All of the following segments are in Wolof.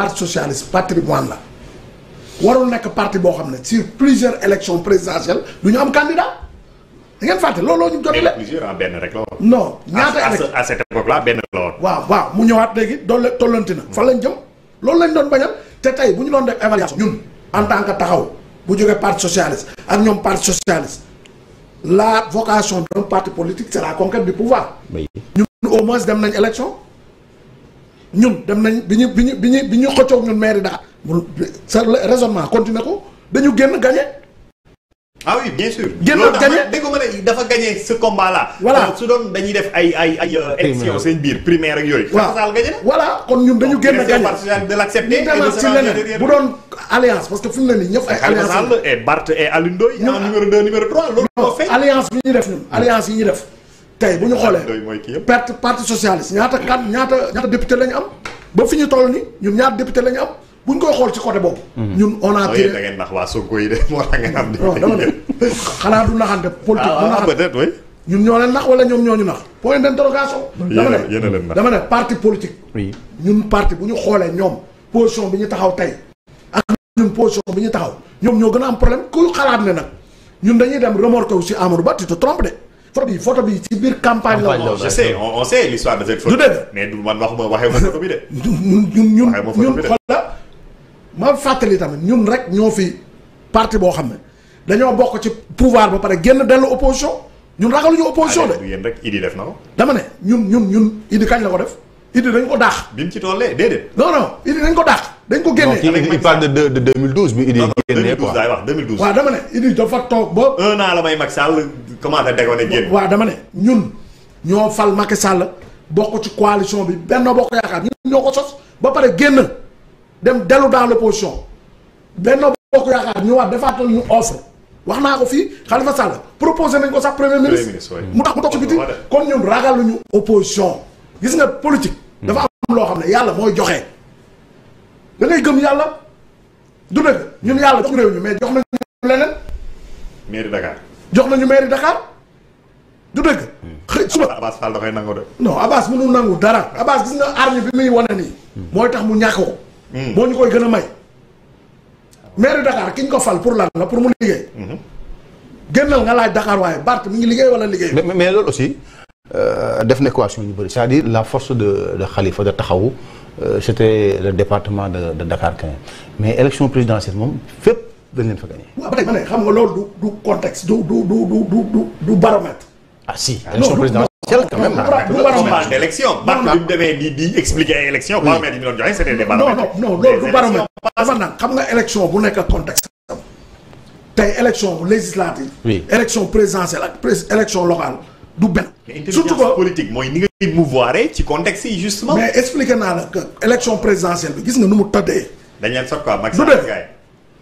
parti socialiste patrimoine la warul nek parti le xamné sur plusieurs élections présidentielles nous am candidat da faté fàtte ñu jotule plusieurs en ben rek non à cette époque là ben la woon waaw waaw mu ñëwaat légui doole tollanti fa lañ jëm loolu lañ doon bañal té tay buñu doon def évaluation ñun en tant que taxaw bu joggé parti socialiste ak ñom parti socialiste la vocation d'un parti politique c'est la conquête du pouvoir Nous, au moins dem nañ élection ñun dem nañ biñu biñu biñu ñu bi ñun maire da sa raisonnement continuer ko dañu génn gagner ah oui bien sûr. génn gagné dégguma ne dafa gagner ce combat là. voilà su doon dañuy def ay ay ay. Euh, élection seen biir primaire ak yooyu. waaw Sall gagné voilà kon ñun dañu génn gagné de l'accepter ci leneen bu doon alliance parce que fi mu ne ñëpp ay. alliance Sall et Barth et Alioune Ndoye. numéro 2 numéro 3 loolu moo fay alliance bi ñu def ñun alliance yi ñu def. tey bu ñu ah, xoolee perte parti socialiste ñaata kan ñaata ñaata député la ñu am ba fi ñu toll ni ñun ñaata député la ñu am bu ñu koy xool ci côté boobu. Mhm. ñun on a oh, tiré da ngeen nax waa Sonko yi de moo tax ngeen am. ne xanaa du naxante politique du ah, ah, ñun ñoo leen nax wala ñoom ñoo ñu nax point d'interrogation. dama ne dama ne parti politique. oui ñun parti bu ñu xoolee ñoom position bi ñu taxaw tey. ak ñun position bi ñu taxaw ñoom ñoo gën a am problème kuy xalaat ne nag ñun dañuy dem remorqué wu si Amadou Ba tu te photo bi photo bi ci biir campagne la. je sais on sait l'histoire de cette photo. du dëgg mais du man waxuma waxee ma photo bi de. ñun ñun ñun xoola ma fàttali tamit ñun rek ñoo fi parti boo xam ne dañoo bokk ci pouvoir ba pare génn dellu opposition ñun ragaluñu opposition de. yéen rek Idi def na ko. dama ne ñun ñun ñun Idi kañ la ko def. Idi dañ ko daax. bi mu ci tollee déedéet. non non Idi dañ ko daax. dañ ko génnee non il parle de de 2012 bi Idi génnee quoi. waaw dama ne Idi dafa toog ba. un an la may Macky Sall comment da déggoo ne wa dama né ñun ño fal Macky Sall bokku ci coalition bi Benno bokku Yaakaar ñun ñoko sos ba pare génn dem delu dans l'opposition Benno bokku Yaakaar ñu wa defaatal ñu offre waxna ko fi Khalifa Sall proposé nañ ko sa premier ministre mu tax mu ci biti comme ñun ñu opposition gis nga politique dafa am lo xamné yalla moy joxé da ngay gëm yalla du dëgg ñun yalla ci rew ñu mais jox nañ leneen mairie Dakar jox nañu mairie Dakar du dëgg. Hmm. xëy suba Abass Fall da koy nangu de. non Abass mënul nangu dara Abass gis nga arme bi muy wane nii. Hmm. tax mu ñàkk ko. Hmm. moo ñu koy gën a Dakar ki ñu ko fal pour la pour mu liggéey. génnal nga laaj Dakar way. Bart mi ngi liggéey wala liggéey. mais mais loolu aussi euh, def na équation ñu bëri c'est-à-dire la force de de Khalifa de taxawu euh, c'était le département de de Dakar quand mais élection présidentielle moom fépp dañ leen fa gagné. waaw ba tey ma ne xam nga loolu du du contexte du du du du du du baromètre. ah si ah, élection présidentielle quand même. du baromètre élection. bi mu demee di di expliquer élection baromètre yi ñu doon joxe c'était des baromètres. non non non loolu du baromètre. dama naan xam nga élection bu nekk contexte am. tey élection législative. oui élection présidentielle ak prés élection locale du benn. surtout que politique mooy ni ngay mouvoir ci contexte yi justement. mais expliqué naa la que élection présidentielle bi gis nga nu mu tëddee. dañ leen sot quoi Macky Sall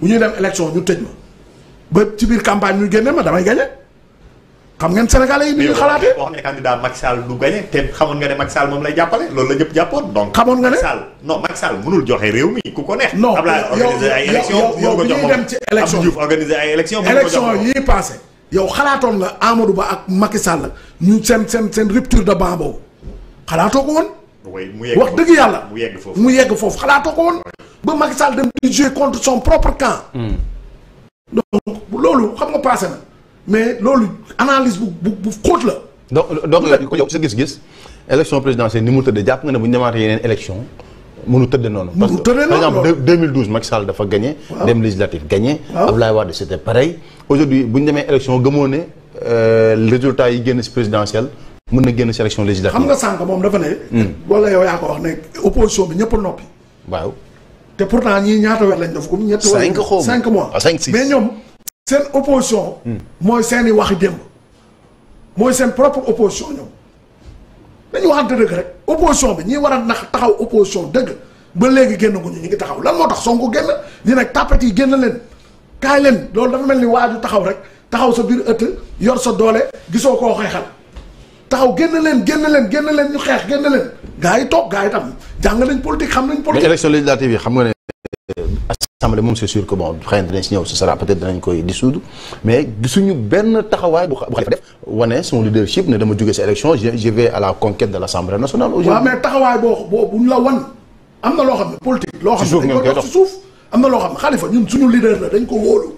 bu ñuy dem élection ñu tëj ma ba ci biir campagne ñu génne ma damay gagné xam ngeen sénégalais yi ni ñu xalaatee. boo xam ne candidat Macky Sall du gagné te xamoon nga ne Macky Sall moom lay jàppale loolu la ñëpp jàppoon donc. xamoon nga ne Macky Sall non Macky Sall mënul joxe réew mi ku ko neex. non yow yow yow bi ñuy dem ci élection Abdou Diouf organisé yow xalaatoon nga Amadou Ba ak Macky Sall ñu seen seen seen rupture de ban boobu xalaatoo ko woon wax dëgg yalla mu yegg fofu mu foofu xalaatoo ko won ba Macky Sall dem di jouer contre son propre camp hmm. donc lolu xam nga passé na mais lolu analyse bu bu bu la donc donc yow sa gis-gis élection présidentielle ni mu tëdd japp nga ne bu ñu yeneen élection mënu tëdd noonu. parce que par exemple 2012 Macky Sall dafa gagné. waaw dem législative gagné. Abdoulaye Wade c'était pareil. aujourd'hui buñ démé demee élection gëmoo euh résultat yi génn ci présidentielle. mën na génn sélection législative. xam nga sànq moom dafa ne. wala hmm. yow yaa ko wax ne opposition bi ñëpp noppi. waaw. te pourtant ñii ñaata weer lañ def. comme ñett weer cinq xaw cinq mois ah, cinq six mais ñoom. seen opposition. Hmm. mooy seen i wax démb. mooy seen propre opposition ñoom. dañu waxante dëgg rek opposition bi ñi war a nax taxaw opposition dëgg ba léegi génn guñu ñu ngi taxaw lan moo tax Sonko génn ñi nag tàppat yi génn leen kaay leen loolu dafa mel ni waaju taxaw rek taxaw sa biir ëtt yor sa doole gisoo koo xeexal. taxaw génn leen génn leen génn leen ñu xeex génn leen gars yi toog gars yi tam jàng nañ politique xam nañ politique mais élection législative nga ne euh, assemblée moom c'est sûr que bon xëy na dinañ si ñëw benn taxawaay bu Khalifa def wane son leadership ne dama jóge sa élection je vais à la conquête de l'Assemblée nationale aujourd'hui waaw taxawaay boo boo buñ la wan am na loo xam ne politique loo xam ne dañ koy dox ci suuf am na loo xam ne Khalifa ñun suñu leader la dañ ko wóolu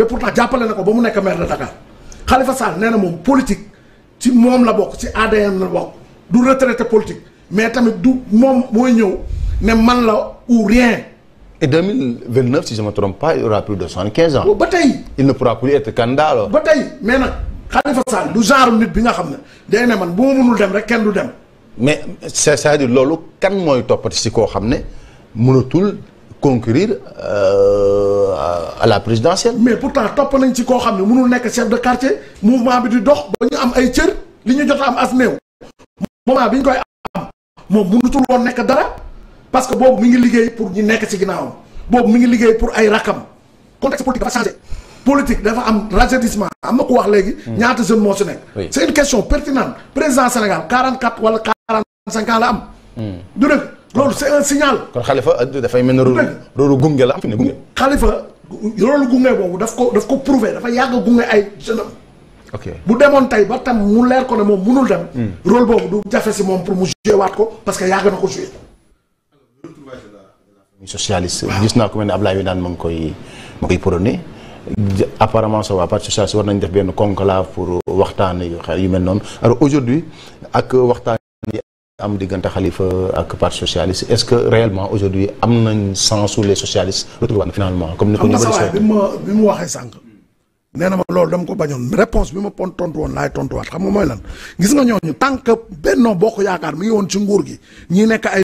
te pourtant jàppale na ko ba mu nekk maire de Dakar Khalifa Sall nee na moom politique ci moom la bokk ci ADN la bokk du retraité politique mais tamit du moom mooy ñëw ne man la ou rien. et 2029 si je me trompe pas il aura plus de soixante-quinze ans. ba tey. il ne pourra plus être candidat alors. ba tey mais nag Khalifa Sall du genre nit bi nga xam ne day ne man bu ma mënul dem rek kenn du dem. mais c'est-à-dire loolu kan mooy toppati si koo xam ne mënatul. concourir euh, à, la présidentielle. mais pourtant topp nañ ci ko xam ne nek chef de quartier mouvement bi du dox ba ñu am ay cër li ñu jot am asnew. moment biñ koy am moom mënutul won nek dara parce que bobu mi ngi liggéey pour ñu nek ci ginaaw. Bobu mi ngi liggéey pour ay rakam contexte politique va changer. politique dafa am rajeunissement am na ko wax légui, hmm. ñaata jeune mo ci nek. c'est une question pertinente président Sénégal 44 wala 45 ans la am. Hmm. du dëgg loolu c'est un signal. kon Khalifa euh, dafay mel ne loolu gunge la am fi Khalifa loolu gungé bobu daf ko daf ko prouver dafa yag gungé ay jeune ok bu démon tay ba tam mu lèr ko né mom mënul dem. Hmm. rôle bobu du jafé ci mom pour mu joué waat ko parce que yag na ko joué. socialiste. gis na ko men ne Ablaye Wilane mu ngi koy mu koy prôné. apparemment ça va parti socialiste war nañ def ben conclave pour waxtaan yu yu mel non alors aujourd'hui ak waxtaan am diganté khalifa ak parti socialiste est-ce que réellement aujourd'hui am nañ sens sous les socialistes retrouvé finalement comme ni ko bi ma bima mu waxee sànq nee na ma loolu dama ko bañon réponse bima pon tontu woon laay tontuwaat xam nga mooy lan gis nga ñooñu tant que Benno Bokk yaakar mi ngi woon ci nguur gi ñi nekk ay